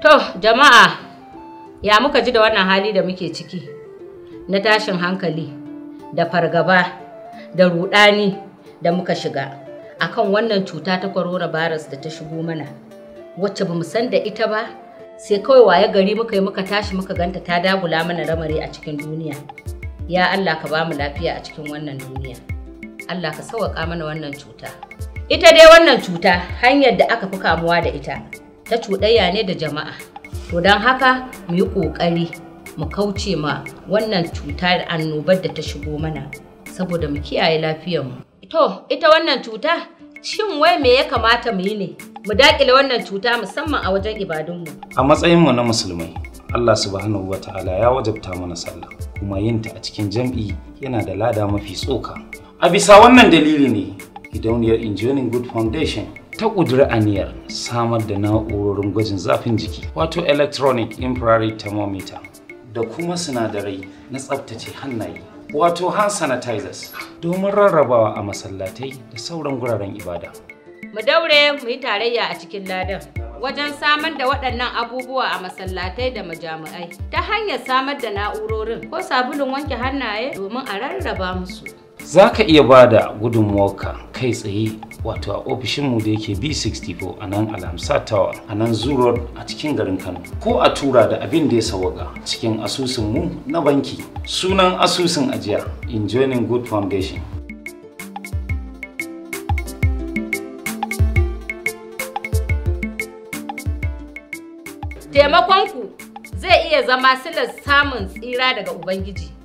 To, jama'a, ya muka ji da wannan hali da muke ciki na tashin hankali da fargaba da rudani da muka shiga akan wannan cuta ta corona virus da ta shigo mana wacce bamu san da ita ba sai kawai waye gari muka yi muka tashi muka ganta ta dagula mana ramare a cikin duniya ya Allah ka bamu lafiya a cikin wannan duniya Allah ka sauƙa mana wannan cuta ita dai wannan cuta hanyar da aka fi kamuwa da ita ta cuɗaya ne da jama'a to don haka mu yi ƙoƙari mu kauce ma wannan cutar annobar da ta shigo mana saboda mu kiyaye lafiyarmu to ita wannan cuta shin wai me ya kamata mu yi ne mu daƙile wannan cuta musamman a wajen ibadunmu a matsayinmu na musulmai Allah subhanahu wa ta'ala ya wajabta mana sallah kuma yinta a cikin jam'i yana da lada mafi tsoka. A bisa wannan dalili ne gidauniyar Engineering Good Foundation ta ƙudiri aniyar samar da na'urorin gwajin zafin jiki wato electronic infrared thermometer da kuma sinadarai na tsabtace hannaye wato hand sanitizers domin rarrabawa a masallatai da sauran guraren ibada. Mu daure mu yi tarayya a cikin ladan wajen samar da waɗannan abubuwa a masallatai da majami'ai ta hanyar samar da na'urorin ko sabulun wanke hannaye domin a rarraba musu. Za ka iya ba da gudunmuwarka kai tsaye wato a ofishin mu da yake b64 a nan alamsa tower a nan zoo a cikin garin kano ko a tura da abin da ya sawaga cikin asusunmu na banki sunan asusun ajiya enjoying good foundation taimakonku zai iya zama silar samun tsira daga ubangiji